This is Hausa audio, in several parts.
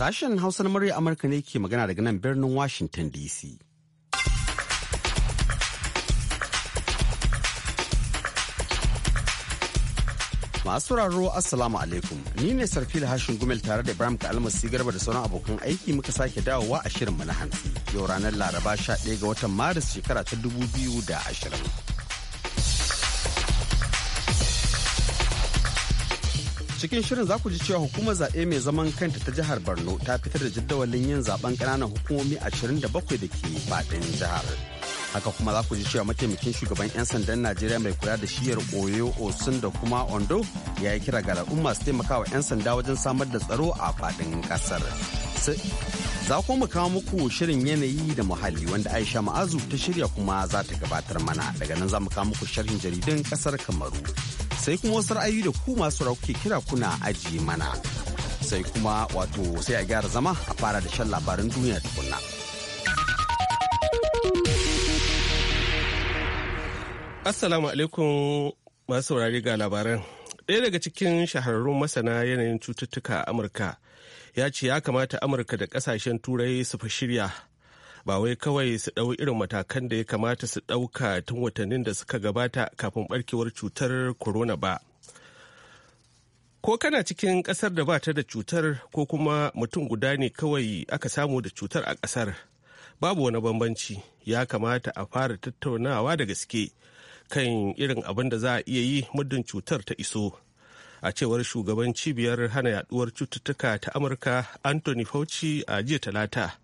Sashen Hausa na murya Amurka ne ke magana daga nan birnin Washington DC. Masu raro Assalamu alaikum, ni ne Sarfil Hashin Gumel tare da Ibrahim Kalmasi Garba da sauran abokan aiki muka sake dawowa a shirin mu na hantsi. Yau ranar Laraba 11 ga watan Maris shekara ta 2020. cikin shirin za ku ji cewa hukumar zaɓe mai zaman kanta ta jihar borno ta fitar da jadawalin yin zaɓen ƙananan hukumomi ashirin da bakwai da ke faɗin jihar haka kuma za ku ji cewa mataimakin shugaban 'yan sandan najeriya mai kula da shiyar oyo osun da kuma ondo ya yi kira ga al'umma su taimakawa 'yan sanda wajen samar da tsaro a faɗin ƙasar za ku mu kawo muku shirin yanayi da muhalli wanda aisha ma'azu ta shirya kuma za ta gabatar mana daga nan za mu kawo muku sharhin jaridun ƙasar kamaru sai kuma wasu ra'ayi da ku masu rauke kira kuna ajiye mana sai kuma wato sai a gyara zama a fara da shan labaran duniya tukunna. Assalamu alaikum masu saurari ga labaran. Ɗaya daga cikin shahararrun masana yanayin cututtuka a Amurka ya ce ya kamata Amurka da ƙasashen Turai su fi shirya ba wai kawai su ɗau irin matakan da ya kamata su ɗauka tun watannin da suka gabata kafin barkewar cutar corona ba ko kana cikin ƙasar da ba ta da cutar ko kuma mutum guda ne kawai aka samu da cutar a ƙasar babu wani bambanci ya kamata a fara tattaunawa da gaske kan irin abin da za a iya yi muddin cutar ta iso a cewar shugaban cibiyar hana yaduwar cututtuka ta amurka anthony fauci a jiya talata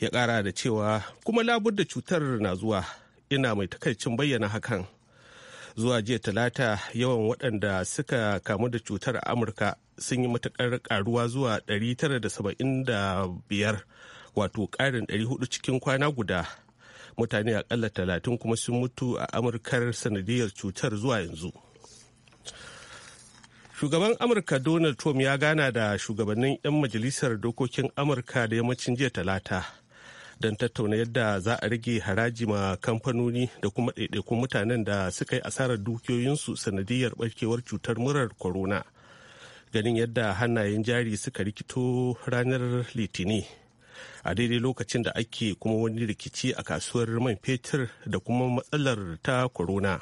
ya kara da cewa kuma labudda cutar na zuwa ina mai takaicin bayyana hakan zuwa jiya talata yawan waɗanda suka kamu da cutar amurka sun yi matakar karuwa zuwa 975 wato ƙarin 400 cikin kwana guda mutane akalla talatin kuma sun mutu a amurkar sanadiyar cutar zuwa yanzu shugaban amurka donald trump ya gana da shugabannin 'yan majalisar dokokin amurka da yammacin jiya talata don tattauna yadda za a rage haraji ma kamfanoni da kuma ɗaiɗaikun mutanen da suka yi asarar dukiyoyinsu sanadiyar ɓarkewar cutar murar corona ganin yadda hannayen jari suka rikito ranar litini a daidai lokacin da ake kuma wani rikici a kasuwar man fetur da kuma matsalar ta corona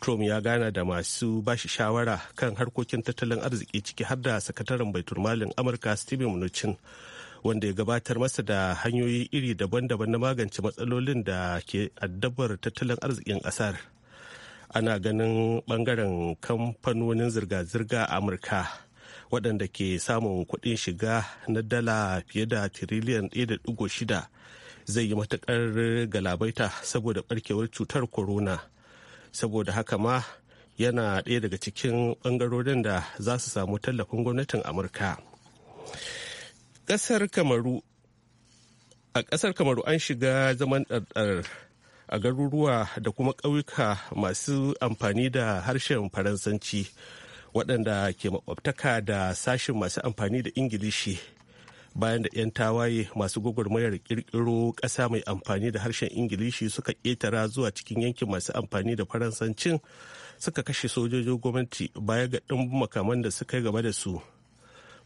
trump ya gana da masu bashi shawara kan harkokin tattalin arziki ciki har da sakataren baitulmalin amurka steven mnuchin wanda ya gabatar masa da hanyoyi iri daban-daban na magance matsalolin da ke addabar tattalin arzikin ƙasar ana ganin ɓangaren kamfanonin zirga-zirga a amurka waɗanda ke samun kuɗin shiga na dala fiye da tiriliyan 1.6 zai yi matuƙar galabaita saboda ɓarkewar cutar corona saboda haka ma yana ɗaya daga cikin ɓangarorin da za su samu tallafin gwamnatin amurka kasar kamaru a kasar kamaru an shiga zaman ɗarɗar a garuruwa da kuma ƙauyuka masu amfani da harshen faransanci waɗanda ke makwabtaka da sashen masu amfani da ingilishi bayan da 'yan tawaye masu gwagwarmayar ƙirƙiro ƙasa mai amfani da harshen ingilishi suka ƙetara zuwa cikin yankin masu amfani da faransancin suka kashe sojojin gwamnati baya ga ɗan makaman da suka gaba da su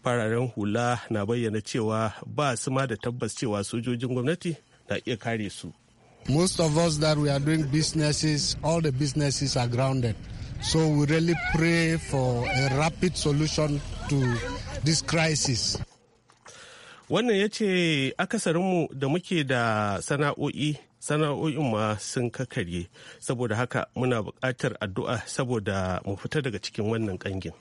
fararen hula na bayyana cewa ba su ma da tabbas cewa sojojin gwamnati na iya kare su. Most of us that we are doing businesses, all the businesses are grounded. So we really pray for a rapid solution to this crisis. Wannan ya ce akasarinmu da muke da sana'o'i sana'o'in ma sun kakarye saboda haka muna buƙatar addu'a saboda mu fita daga cikin wannan ƙangin.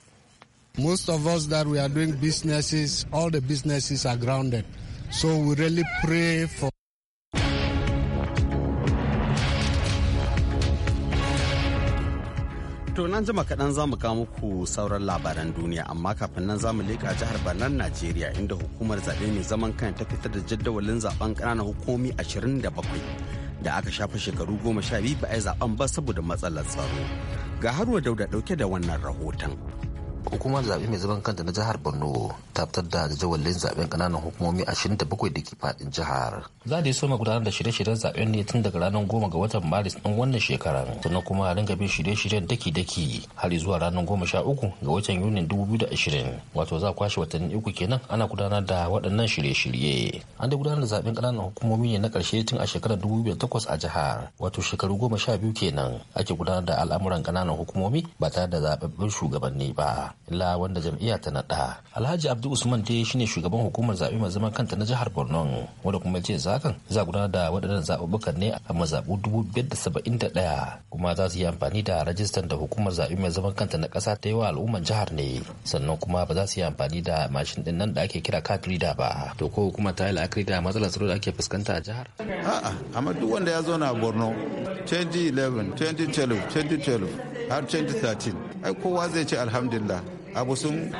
Most of us that we are doing businesses, all the businesses are grounded. So we really pray for. To nan jima kaɗan za mu kawo muku sauran labaran duniya amma kafin nan za mu leƙa jihar bannan Najeriya inda hukumar zaɓe mai zaman kan ta fitar da jadawalin zaɓen ƙananan hukumomi 27 da aka shafa shekaru goma sha biyu ba a yi zaɓen ba saboda matsalar tsaro. Ga haruwa dauda ɗauke da wannan rahoton. hukumar zaɓe mai zaman kanta na jihar borno ta fitar da jadawalin zaɓen ƙananan hukumomi 27 da ke faɗin jihar za da so ma gudanar da shirye-shiryen zaɓen ne tun daga ranar goma ga watan maris ɗin wannan shekarar sannan kuma a ringa bin shirye-shiryen daki-daki har zuwa ranar goma sha uku ga watan yunin 2020 wato za kwashe watanni uku kenan ana gudanar da waɗannan shirye-shirye an dai gudanar da zaɓen ƙananan hukumomi ne na ƙarshe tun a shekarar 2008 a jihar wato shekaru goma sha biyu kenan ake gudanar da al'amuran ƙananan hukumomi ba tare da zaɓaɓɓen shugabanni ba la wanda jam'iyya ta naɗa alhaji abdu usman dai shine shugaban hukumar zaɓe mai zaman kanta na jihar borno wanda kuma ce zakan za gudanar da waɗannan zaɓuɓɓukan ne a mazaɓu dubu biyar da saba'in da ɗaya kuma za su yi amfani da rajistan da hukumar zaɓe mai zaman kanta na ƙasa ta yi wa al'umman jihar ne sannan kuma ba za su yi amfani da mashin ɗin nan da ake kira card ba to ko hukumar ta yi la'akari da matsalar tsaro da ake fuskanta a jihar. a'a amma duk wanda ya zauna na borno 2011 2012 2012 har 2013 ai kowa zai ce alhamdulillah abu sun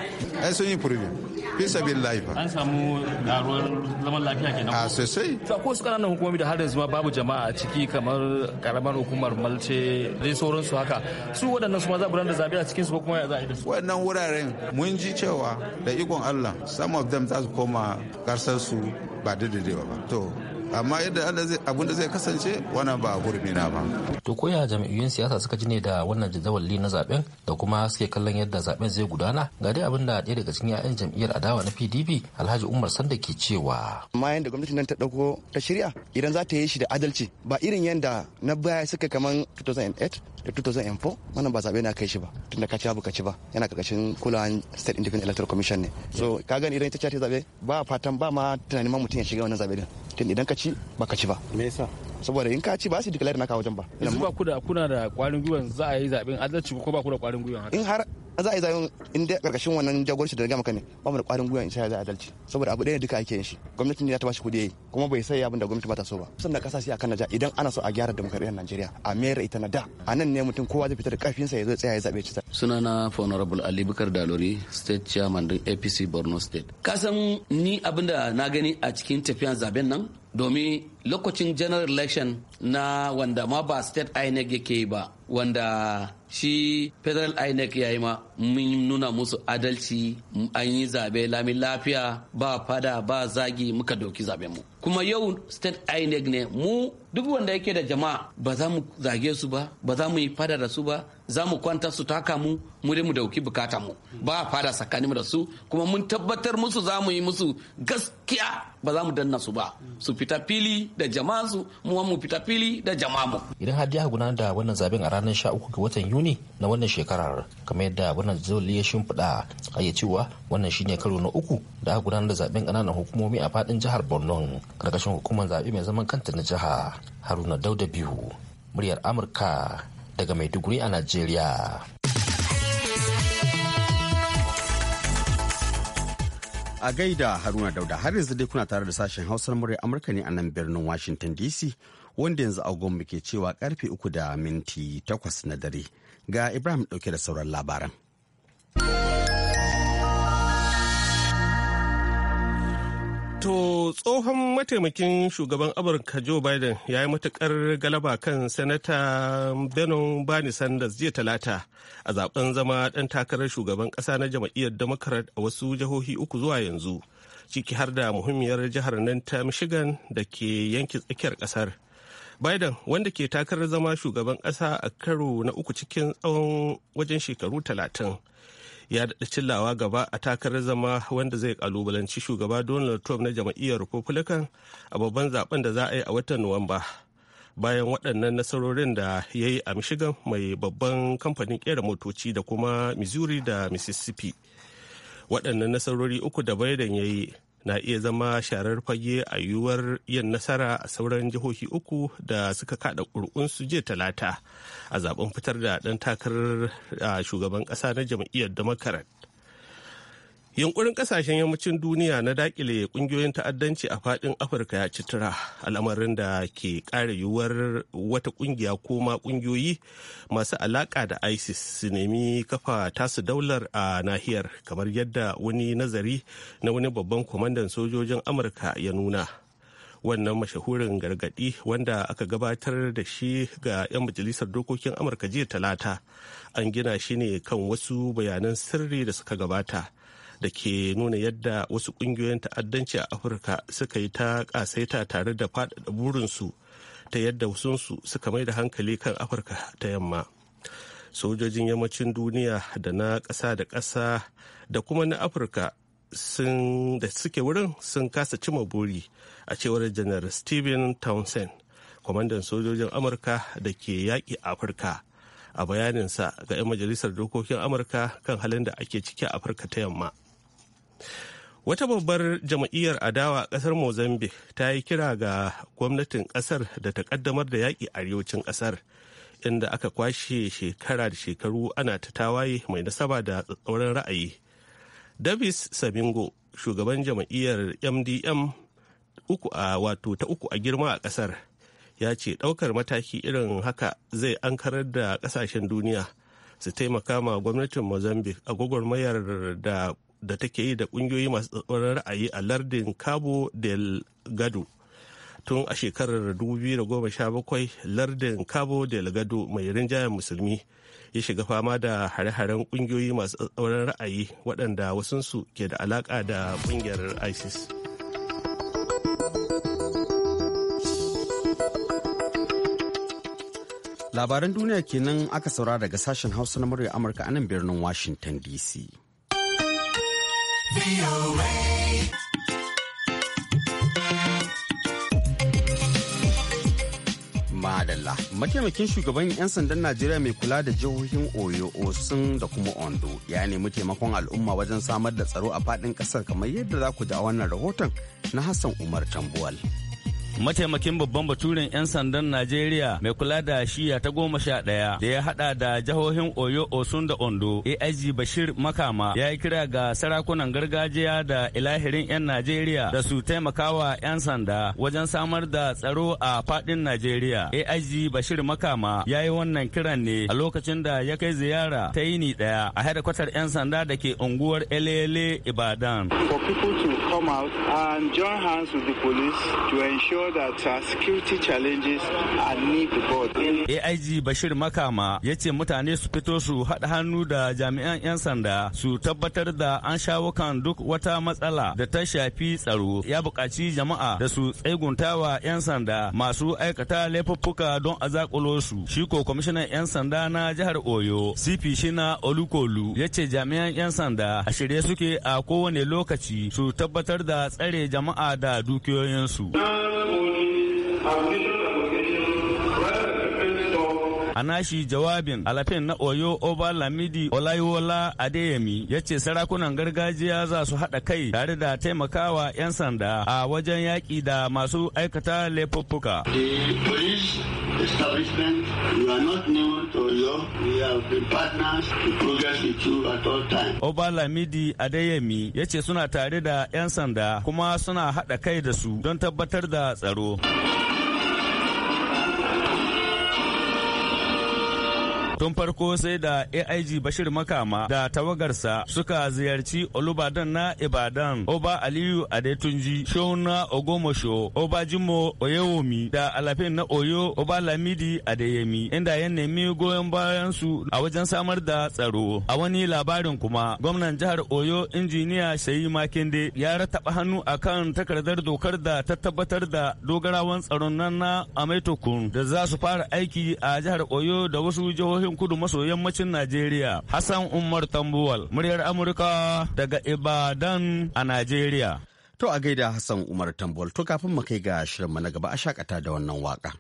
ai sun yi furbin fisa bin laifa an samu daruwar zaman lafiya ke a sosai to ko su kananan hukumomi da har yanzu ma babu jama'a a ciki kamar karamar hukumar malce dai sauransu haka su waɗannan su ma za da zabe a cikin su kuma ya za a yi da su waɗannan wuraren mun ji cewa da ikon Allah some of them za su koma karsar su ba daidai ba to amma yadda abin da zai kasance wannan ba gurbi na ba to koya jami'an siyasa suka ji ne da wannan jadawali na zaben da kuma suke kallon yadda zaben zai gudana ga dai abin ɗaya daga cikin 'ya'yan jam'iyyar adawa na PDP Alhaji Umar Sanda ke cewa amma yadda gwamnati nan ta ɗauko ta shirya idan za ta yi shi da adalci ba irin yanda na baya suka kaman 2008 da 2004 wannan ba zaɓe na kai shi ba tun da ka ci ci ba yana karkashin kulawan state independent electoral commission ne so ka gani idan ita ce zaɓe ba fatan ba ma tunanin ma mutum ya shiga wannan zaɓe din tun idan ka ci ba ka ci ba me yasa saboda in ka ci ba su declare naka wajen ba yanzu ba ku da kuna da kwarin gwiwa za a yi zaben adalci ko ba ku da kwarin gwiwa in har za a yi zayen in dai karkashin wannan jagoranci da gama kane ba mu da kwarin gwiwa in sha a adalci saboda abu ɗaya duka ake yin shi gwamnati ne ta bashi kuɗi yayi kuma bai sai abin da gwamnati ba ta so ba sun da kasashe akan naja idan ana so a gyara demokradiyyar Najeriya a mayar ita na da a nan ne mutum kowa zai fitar da karfin sa ya zo tsaya ya zabe cita sunana honorable Ali Bukar Dalori state chairman din APC Borno state kasan ni abinda na gani a cikin tafiyan zaben nan domin lokacin general election na wanda ma ba state inec yake yi ba wanda shi federal inec ya yi ma mun nuna musu adalci an yi zabe lamin lafiya ba fada ba zagi muka doki zaben mu kuma yau state inec ne mu duk wanda yake da jama'a ba za mu zage su ba ba za mu yi fada da su ba za mu kwanta su taka mu mu dai mu dauki bukata mu ba fada tsakanin da su kuma mun tabbatar musu za mu yi musu gaskiya ba za mu danna su ba su fita fili da jama'a su mu mu fita fili da jama'a mu idan har gudanar da wannan zaben a ranar 13 ga watan yuni na wannan shekarar kamar yadda bernard zoli ya shimfiɗa a ya cewa wannan shine karo na uku da aka gudanar da zaben ƙananan hukumomi a faɗin jihar borno karkashin hukumar zaɓe mai zaman kanta na jiha haruna dauda biyu muryar amurka daga maiduguri a najeriya a gaida haruna dauda har yanzu dai kuna tare da sashen hausar murya amurka ne a nan birnin washington dc wanda yanzu agon ke cewa karfe uku da minti takwas na dare ga ibrahim dauke da sauran labaran To tsohon mataimakin shugaban Amurka Joe Biden ya yi matukar galaba kan Sanata Benon Bani Sanders jiya talata a zaben zama ɗan takarar shugaban ƙasa na jam'iyyar Democrat a wasu jihohi uku zuwa yanzu, ciki har da muhimmiyar jihar nan ta Michigan da ke yanki tsakiyar ƙasar. Biden wanda ke takarar zama shugaban ƙasa a karo na uku cikin tsawon wajen shekaru talatin. ya daɗa cillawa gaba a takarar zama wanda zai kalubalanci shugaba donald trump na jam'iyyar republican a babban zaben da za a yi a watan nuwamba bayan waɗannan nasarorin da ya yi a michigan mai babban kamfanin kera motoci da kuma missouri da mississippi waɗannan nasarori uku da biden ya yi na iya zama sharar fage a yiwuwar yin nasara a sauran jihohi uku da suka kada ƙuri'unsu jiya talata a zaben fitar da ɗan takarar shugaban ƙasa na jam'iyyar democrat yunkurin kasashen yammacin duniya na dakile kungiyoyin ta'addanci a fadin afirka ya ci tura al'amarin da ke kara yiwuwar wata kungiya ko ma kungiyoyi masu alaka da isis su nemi kafa tasu daular a nahiyar kamar yadda wani nazari na wani babban kwamandan sojojin amurka ya nuna wannan mashahurin gargadi wanda aka gabatar da shi ga 'yan majalisar dokokin amurka jiya talata an gina shi ne kan wasu bayanan sirri da suka gabata da ke nuna yadda wasu ƙungiyoyin ta'addanci a afirka suka yi ta kasaita tare da faɗaɗa burinsu ta yadda wasunsu suka mai da hankali kan afirka ta yamma sojojin yammacin duniya da na ƙasa da ƙasa da kuma na afirka sun da suke wurin sun kasa cima buri a cewar janar steven townsend kwamandan sojojin amurka da ke yaƙi afirka a bayaninsa ga 'yan majalisar dokokin amurka kan halin da ake ciki a afirka ta yamma Wata babbar jam'iyyar adawa a ƙasar Mozambique ta yi kira ga gwamnatin ƙasar da ta ƙaddamar da yaƙi arewacin ƙasar, inda aka kwashe shekara da shekaru ana ta tawaye mai nasaba da tsatsauran ra'ayi. Davis Sabingo, shugaban jam'iyyar MDM uku a wato ta uku a girma a ƙasar, ya ce ɗaukar mataki irin haka zai ankarar da ƙasashen duniya. su taimaka ma gwamnatin mozambique a gwagwarmayar da da take yi da kungiyoyi masu tsatsauran ra'ayi a lardin cabo del gado tun a shekarar 2017 lardin cabo del gado mai rinjayen musulmi ya shiga fama da hare-haren kungiyoyi masu tsatsauran ra'ayi waɗanda wasunsu ke da alaƙa da ƙungiyar isis labaran duniya kenan aka saura daga sashen hausa na murya amurka a nan birnin washington dc Madalla. Mataimakin shugaban 'yan sandan Najeriya mai kula da jihohin Oyo, Osun da kuma Ondo ya nemi taimakon al'umma wajen samar da tsaro a faɗin ƙasar kamar yadda za ku ji a wannan rahoton na Hassan Umar Tambuwal. mataimakin babban baturin 'yan sandan najeriya mai kula da shiya ta goma sha ɗaya da ya haɗa da jihohin oyo osun da ondo aig bashir makama ya yi kira ga sarakunan gargajiya da ilahirin 'yan najeriya da su taimakawa 'yan sanda wajen samar da tsaro a faɗin najeriya aig bashir makama ya yi wannan kiran ne a lokacin da ya kai ziyara ta yini ɗaya a hedikwatar 'yan sanda da ke unguwar elele ibadan for people to come out and join hands with the police to ensure that uh, security challenges are neighborhood. AIG Bashir Makama ya ce mutane su fito su haɗa hannu da jami'an 'yan sanda su tabbatar da an shawo kan duk wata matsala da ta shafi tsaro. Ya buƙaci jama'a da su tseguntawa 'yan sanda masu aikata laifuffuka don a zaƙulo su. Shi ko kwamishinan 'yan sanda na jihar Oyo, CP Shina Olukolu ya ce jami'an 'yan sanda a shirye suke a kowane lokaci su tabbatar da tsare jama'a da dukiyoyinsu. A nashi jawabin alafin na Oyo Oba Lamidi Olayiwola Adeyemi ya ce sarakunan gargajiya za su haɗa kai tare da taimakawa 'yan sanda a wajen yaƙi da masu aikata laifuffuka. Oba Lamidi Obalamidi Adeyemi ya ce suna tare da 'yan sanda kuma suna haɗa kai da su don tabbatar da tsaro. Tun farko sai da AIG Bashir Makama da tawagarsa suka ziyarci Olubadan na Ibadan, Oba Aliyu Adetunji, Shona Ogomosho, Oba Jimo Oyewomi da Alafin na Oyo Oba Lamidi Adeyemi, inda ya nemi goyon bayan su a wajen samar da tsaro. A wani labarin kuma, gwamnan jihar Oyo injiniya Shayi Makinde ya rataba hannu a kan takardar dokar da ta tabbatar da dogarawan tsaron nan na Ametokun da za su fara aiki a jihar Oyo da wasu jihohin jihohin kudu maso yammacin Najeriya. Hassan Umar Tambuwal, muryar Amurka daga Ibadan a Najeriya. To a gaida Hassan Umar Tambuwal, to kafin mu kai ga shirinmu na gaba a shakata da wannan waka.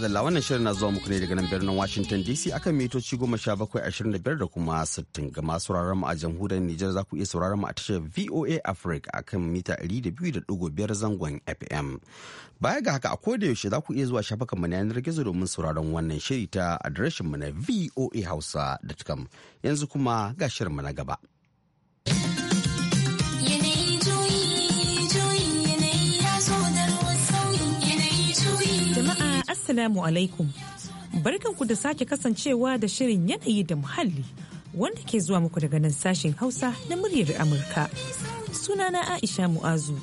madalla wannan shirin na zuwa muku ne daga nan birnin Washington DC akan mitoci 1725 da kuma 60 ga masu sauraron mu a jamhuriyar Nijar za ku iya sauraron mu a tashar VOA Africa akan mita 200.5 zangon FM. Baya ga haka a koda yaushe za ku iya zuwa shafukan mu na yanar gizo domin sauraron wannan shiri ta adireshin mu na voahausa.com yanzu kuma ga shirin mu na gaba. Assalamu alaikum. Barkanku da sake kasancewa da shirin yanayi da muhalli wanda ke zuwa muku daga nan sashen Hausa na muryar Amurka. Sunana Aisha Mu'azu.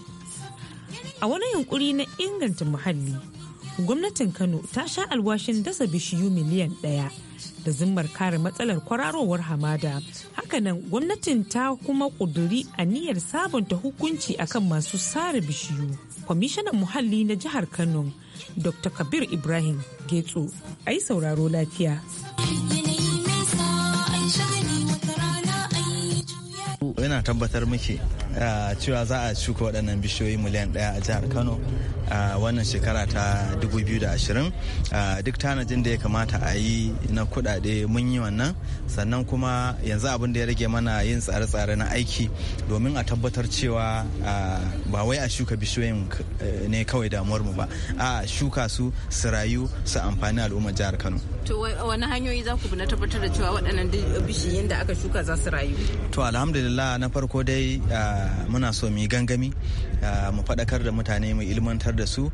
A wani yunkuri na inganta muhalli, gwamnatin Kano ta sha alwashin dasa bishiyu miliyan ɗaya da zimmar kare matsalar kwararowar hamada. Hakanan gwamnatin ta kuma ƙuduri niyyar sabunta hukunci akan masu sare bishiyu. Kwamishinan muhalli na jihar Kano. dr kabir ibrahim getso a yi sauraro lafiya. yana tabbatar miki cewa za a shuka waɗannan bishiyoyi miliyan ɗaya a jihar kano wannan shekara ta 2020 duk tanajin da ya kamata a yi na kuɗaɗe mun yi wannan sannan kuma yanzu abin da ya rage mana yin tsare-tsare na aiki domin a tabbatar cewa ba wai a shuka bishiyoyin eh, ne kawai damuwar mu ba a shuka su su rayu su amfani al'ummar jihar kano to wani hanyoyi za ku na tabbatar da cewa waɗannan bishiyun da aka shuka za su rayu to alhamdulillah na farko dai muna so mu yi gangami mu faɗakar da mutane mu ilmantar da su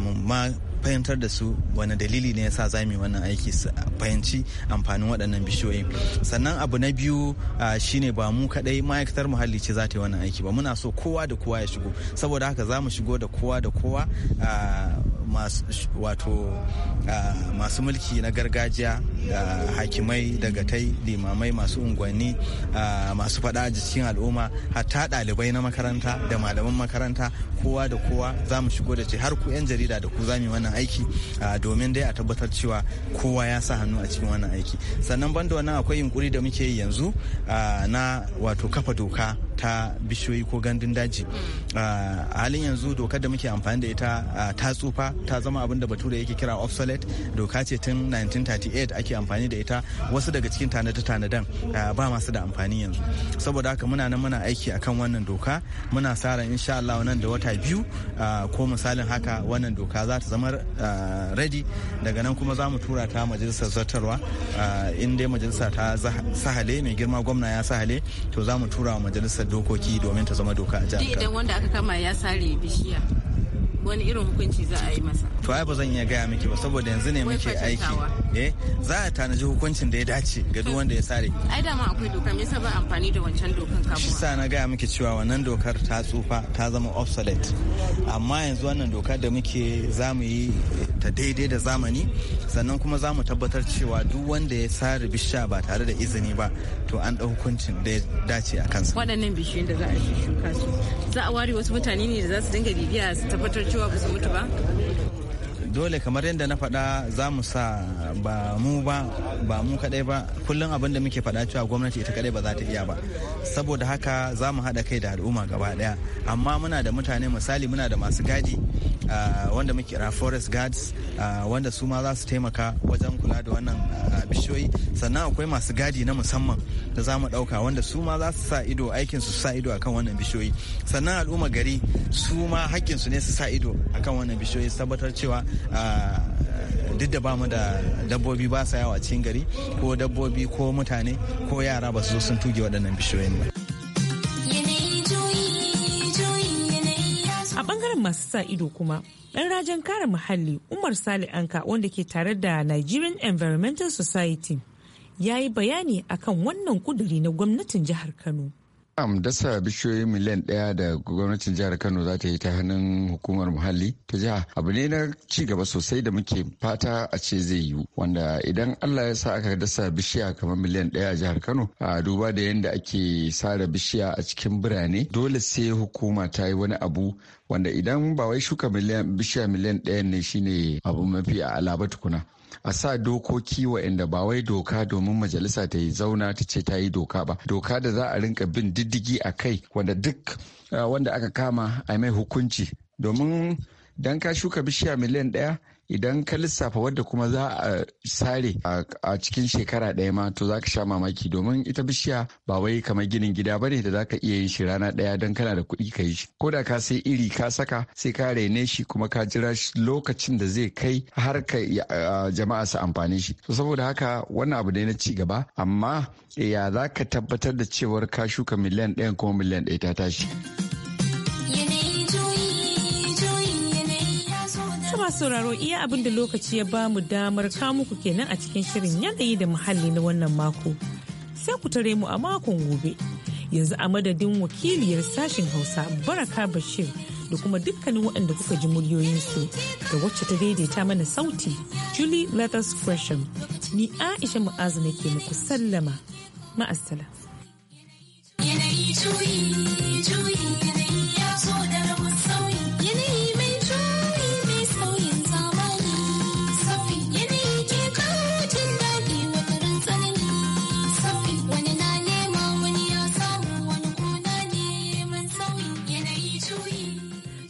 mu fahimtar da su wani dalili ne yasa za mu yi wannan aiki fahimci amfanin waɗannan bishiyoyi sannan abu na biyu shine ba mu kaɗai ma'aikatar muhalli ce za ta yi wannan aiki ba muna so kowa da kowa ya shigo saboda haka za mu shigo da kowa da kowa wato masu mulki na gargajiya da hakimai daga tai limamai masu unguwanni masu fada a cikin al'umma hatta ɗalibai na makaranta da malaman makaranta kowa da kowa za mu shigo da ce har ku 'yan jarida da ku za mu yi wannan wannan aiki domin dai a tabbatar cewa kowa ya sa hannu a cikin wannan aiki sannan banda wannan akwai yunkuri da muke yi yanzu na wato kafa doka ta bishiyoyi ko gandun daji mm. ah, a halin yanzu dokar da muke amfani da ita ah, ta tsufa ta zama abin da bature yake kira obsolete doka ce tun 1938 ake amfani da ita wasu daga cikin tanada tanadan ah, ba masu da amfani yanzu saboda haka muna nan muna aiki akan wannan doka muna sa ran insha Allah nan da wata biyu ko misalin haka wannan doka za ta zama ready daga nan kuma za mu tura ta majalisar zartarwa in dai majalisa ta sahale mai girma gwamna ya sahale to za mu tura wa majalisar dokoki domin ta zama doka a jihar idan wanda aka kama ya sare bishiya wani irin hukunci za a yi masa to ai ba zan iya gaya miki ba saboda yanzu ne muke aiki eh za a tanaji hukuncin da ya dace ga duk wanda ya sare ai dama akwai doka me yasa ba amfani da wancan dokan kamuwa shi sa na gaya miki cewa wannan dokar ta tsufa ta zama obsolete amma yanzu wannan dokar da muke za mu yi ta daidai da zamani sannan kuma za mu tabbatar cewa duk wanda ya sare bishiya ba tare da izini ba to an ɗau hukuncin da ya dace a kansa waɗannan bishiyun da za a shuka su za a ware wasu mutane ne da za su dinga bibiya su tabbatar cewa zuwa ba su dole kamar yadda na faɗa za mu sa ba mu ba ba mu kaɗai ba kullum abin da muke faɗa cewa gwamnati ita kaɗai ba za ta iya ba saboda haka za mu haɗa kai da al'umma gaba ɗaya amma muna da mutane misali muna da masu gadi wanda muke kira forest guards wanda su ma za su taimaka wajen kula da wannan bishiyoyi sannan akwai masu gadi na musamman da za mu ɗauka wanda su ma za su sa ido aikin su sa ido akan wannan bishiyoyi sannan al'umma gari su ma hakkin su ne su sa ido akan wannan bishiyoyi tabbatar cewa Ah, duk da bamu da dabbobi ba sa yawa cikin gari ko dabbobi ko mutane ko yara ba su zo sun tuge waɗannan bishiyoyin ba. A bangaren masu sa ido kuma, ɗan rajin kare muhalli Umar sali Anka wanda ke tare da Nigerian Environmental Society ya yi bayani akan wannan kuduri na gwamnatin jihar Kano. am dasa bishiyoyi miliyan ɗaya da gwamnatin jihar kano za ta yi ta hannun hukumar muhalli ta jiha abu ne na ci gaba sosai da muke fata a ce zai yiwu wanda idan allah ya sa aka dasa bishiya kamar miliyan ɗaya a jihar kano a duba da yadda ake sare bishiya a cikin birane dole sai hukuma ta yi wani abu wanda idan ba wai shuka bishiya miliyan ɗaya ne shine abu mafi a alaba tukuna a sa dokoki inda ba wai doka domin majalisa ta yi zauna ta ce ta yi doka ba doka da za a rinka bin diddigi a kai wanda duk ah, wanda aka kama a mai hukunci domin dan ka shuka bishiya miliyan ɗaya idan ka lissafa wadda kuma za a sare a cikin shekara ɗaya ma to za ka sha mamaki domin ita bishiya ba wai kamar ginin gida ba ne da za ka iya yin shi rana ɗaya don kana da kuɗi ka yi shi ko da ka sai iri ka saka sai ka rene shi kuma ka jira lokacin da zai kai har ka jama'a su amfani shi to saboda haka wannan abu ne na ci gaba amma ya za ka tabbatar da cewar ka shuka miliyan ɗayan kuma miliyan ɗaya ta tashi. masu sauraro iya abin da lokaci ya ba mu damar muku kenan a cikin shirin yanayi da muhalli na wannan mako. Sai ku tare mu a makon gobe. Yanzu a madadin wakiliyar sashen Hausa Baraka Bashir da kuma dukkanin waɗanda kuka ji muryoyinsu da wacce ta daidaita mana sauti Julie letters fresham Ni Aisha Mu'azu ke muku sallama. Ma'asala.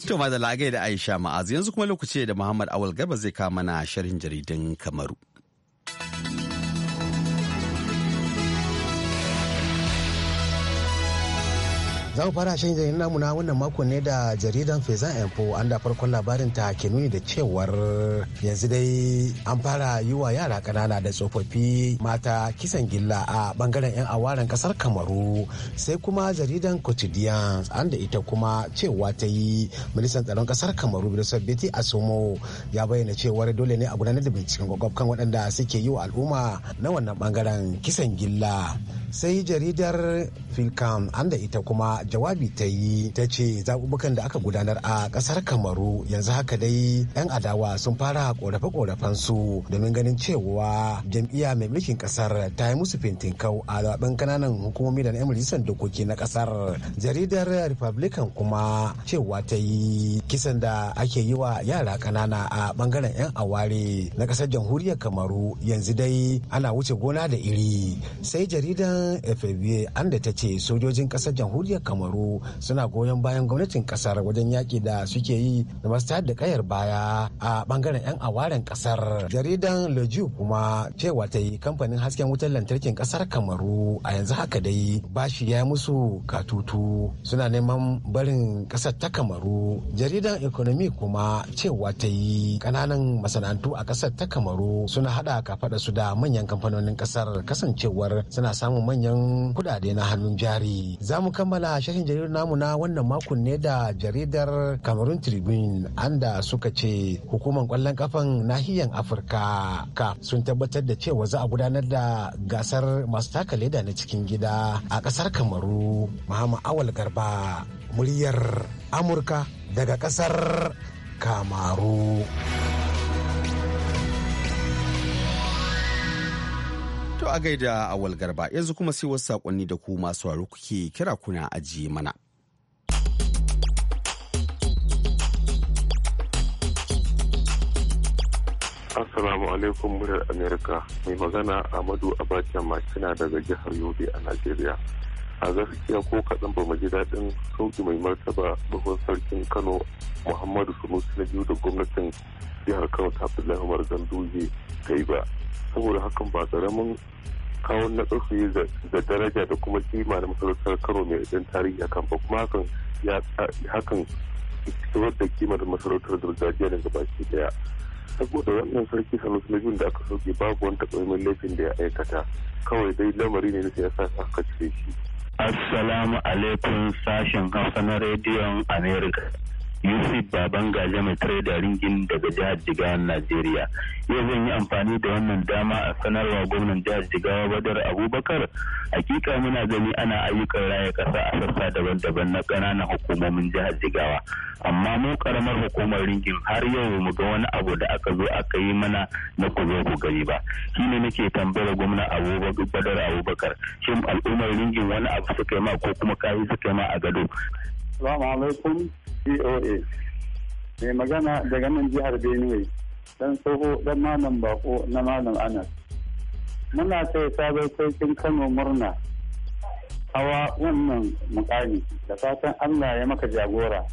To ma da lagai da Aisha Ma'azu yanzu kuma lokaci da Muhammad Awal gaba zai kama na sharhin jaridun Kamaru. za mu fara shan jaridar namu na wannan makon ne da jaridan fezan info an da farkon labarin ta ke nuni da cewar yanzu dai an fara yi wa yara kanana da tsofaffi mata kisan gilla a bangaren yan awaren kasar kamaru sai kuma jaridan quotidian an da ita kuma cewa ta yi ministan tsaron kasar kamaru da sabbiti a ya bayyana cewar dole ne a gudanar da binciken kwakwaf kan waɗanda suke yi wa al'umma na wannan bangaren kisan gilla sai jaridar finkam an da ita kuma jawabi ta yi ta ce zaɓuɓɓukan da aka gudanar a ƙasar kamaru yanzu haka dai 'yan adawa sun fara ƙorafe-ƙorafen su domin ganin cewa jam'iyya mai mulkin ƙasar ta yi musu fintinkau a zaɓen kananan hukumomi da na 'yan majalisar dokoki na ƙasar jaridar republican kuma cewa ta yi kisan da ake yi wa yara ƙanana a ɓangaren 'yan aware na ƙasar jamhuriyar kamaru yanzu dai ana wuce gona da iri sai jaridar nan fba an da ta ce sojojin kasar jamhuriyar kamaru suna goyon bayan gwamnatin kasar wajen yaƙi da suke yi da masu da kayar baya a bangaren 'yan awaren kasar jaridan lejiu kuma cewa ta yi kamfanin hasken wutar lantarkin kasar kamaru a yanzu haka dai bashi ya musu katutu suna neman barin kasar ta kamaru jaridan economy kuma cewa ta yi kananan masana'antu a kasar ta kamaru suna hada kafada su da manyan kamfanonin kasar kasancewar suna samun manyan kuɗaɗe na hannun jari za mu kammala shahin jaridar namu na wannan makon ne da jaridar cameroon tribune anda suka ce hukumar kwallon kafan nahiyar afirka ka sun tabbatar da cewa za a gudanar da gasar masu taka leda na cikin gida a ƙasar kamaru muhammad awal garba muryar amurka daga ƙasar kamaru. a gaida awal garba yanzu kuma sai wasu sakonni da ku masu waru kuke kira kuna ajiye mana. Assalamu alaikum muryar Amerika mai magana Amadu Abacha Makina daga jihar Yobe a Najeriya. A gaskiya ko kaɗan ba mu ji daɗin sauki mai martaba bakon sarkin Kano Muhammadu Sunusi na biyu da gwamnatin jihar Kano ta fi lahumar Ganduje ta yi ba. saboda hakan ba tsaramin kawo na tsotsi da daraja da kuma kima na masarautar karo mai ɗan tarihi kan ba kuma hakan ya hakan tsirar da kima da masarautar gargajiya daga gaba ke daya saboda wannan sarki sanusi na da aka sauke babu wani takwaimin laifin da ya aikata kawai dai lamari ne na sa aka cire shi assalamu alaikum sashen hausa na rediyon america yusuf baban gaja mai trader ringin daga jihar Jigawa najeriya yau zan yi amfani da wannan dama a sanarwa gwamnan jihar jigawa badar abubakar hakika muna gani ana ayyukan raya kasa a sassa daban-daban na ƙananan hukumomin jihar jigawa amma mu karamar hukumar ringin har yau mu ga wani abu da aka zo aka yi mana na ku zo ku gari ba Shi ne nake tambayar gwamna abubakar badar abubakar shin al'ummar ringin wani abu suka yi ma ko kuma kayi suka yi ma a gado Salamu alaikum coa Mai magana daga nan jihar Benue, dan tsoho dan malam bako na malam Anas. Muna kai sabon sarkin Kano murna hawa wannan mukami da fatan Allah ya maka jagora.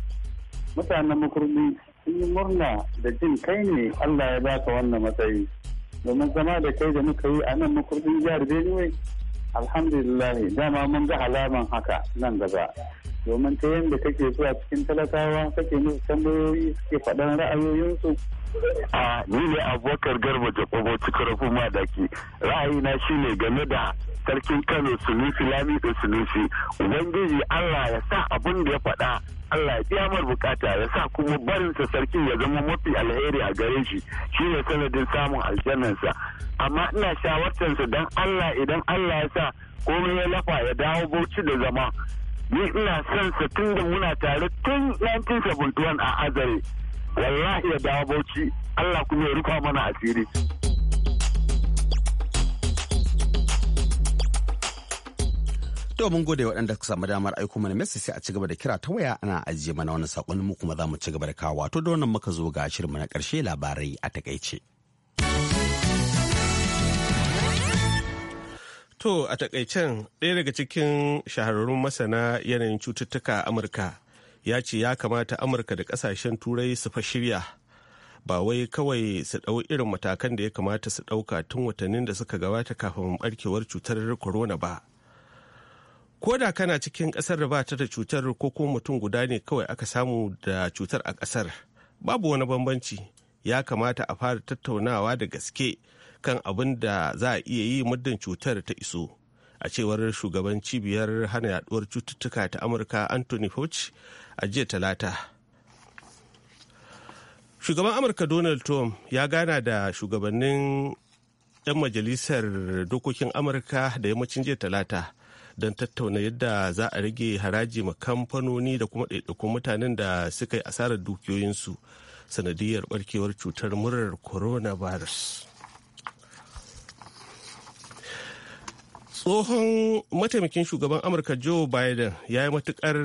Mutanen makurbi sun yi murna da jin kai ne Allah ya baka wannan matsayi. Domin zama da kai da muka yi a nan makurbin jihar Benue, alhamdulillah dama mun ga alaman haka nan gaba. domin ta yadda kake so a cikin talakawa kake musu tambayoyi suke faɗan ra'ayoyinsu a ni ne abokar garba jakobo cikarafin madaki ra'ayina shine game da sarkin kano sunusi lami da sunusi ubangiji allah ya sa abin da ya faɗa allah ya biya mar bukata ya sa kuma barinsa sarkin ya zama mafi alheri a gare shi shine sanadin samun aljannansa amma ina shawartarsa don allah idan allah ya sa komai ya lafa ya dawo bauchi da zama ni ina son sa tun da muna tare tun 1971 a azare wallahi ya dawo bauchi Allah kuma ya rufa mana asiri To mun gode waɗanda ka samu damar aiko mana message sai a ci gaba da kira ta waya ana ajiye mana wani sakon mu kuma za mu ci gaba da kawo wato da wannan muka zo ga mu na ƙarshe labarai a takaice. To a takaicen ɗaya daga cikin shahararrun masana yanayin cututtuka a Amurka ya ce ya kamata Amurka da ƙasashen turai su fa shirya ba wai kawai su ɗau irin matakan da ya kamata su ɗauka tun watannin da suka gabata kafin ɓarkewar cutar corona ba. Ko da kana cikin ƙasar da ba ta da cutar ko kuma mutum guda ne kawai aka samu da cutar a ƙasar babu wani bambanci ya kamata a fara tattaunawa da gaske. kan abin da za a iya yi muddin cutar ta iso a cewar shugaban cibiyar hana yaduwar cututtuka ta amurka anthony fauci a jiya talata shugaban amurka donald trump ya gana da shugabannin 'yan majalisar dokokin amurka da yammacin jiya talata don tattauna yadda za a rage haraji ma kamfanoni da kuma ɗaiɗaikun mutanen da suka yi asarar dukiyoyinsu sanadiyar barkewar cutar murar coronavirus. tsohon mataimakin shugaban amurka joe biden ya yi matukar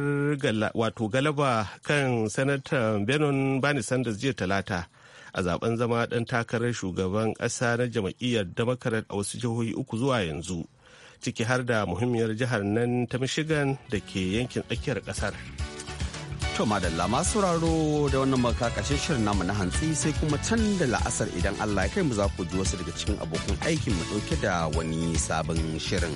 wato galaba kan sanatan benin bani sanders jiya talata a zaben zama dan takarar shugaban ƙasa na jam'iyyar democrat a wasu jihohi uku zuwa yanzu ciki har da muhimmiyar jihar nan ta michigan da ke yankin tsakiyar ƙasar. To madalla masu sauraro da wannan makakashin shirin namu na hantsi sai kuma can da la'asar idan Allah ya kai mu za ku ji wasu daga cikin abokan aikin mu dauke da wani sabon shirin.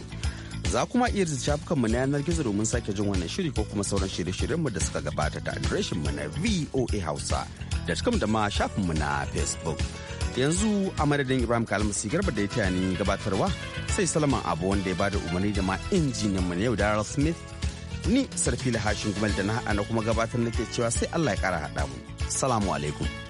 Za kuma iya shafukan mu na yanar gizo domin sake jin wannan shiri ko kuma sauran shirye-shiryen mu da suka gabata ta adireshin mu na VOA Hausa da cikin da ma shafin mu na Facebook. Yanzu a madadin Ibrahim Kalmasi Garba da ya ni gabatarwa sai Salman Abu wanda ya bada umarni da ma injiniyan mu na yau Daryl Smith ni sarfila hashin gumal da na kuma gabatar nake cewa sai allah ya kara haɗa mu salamu alaikum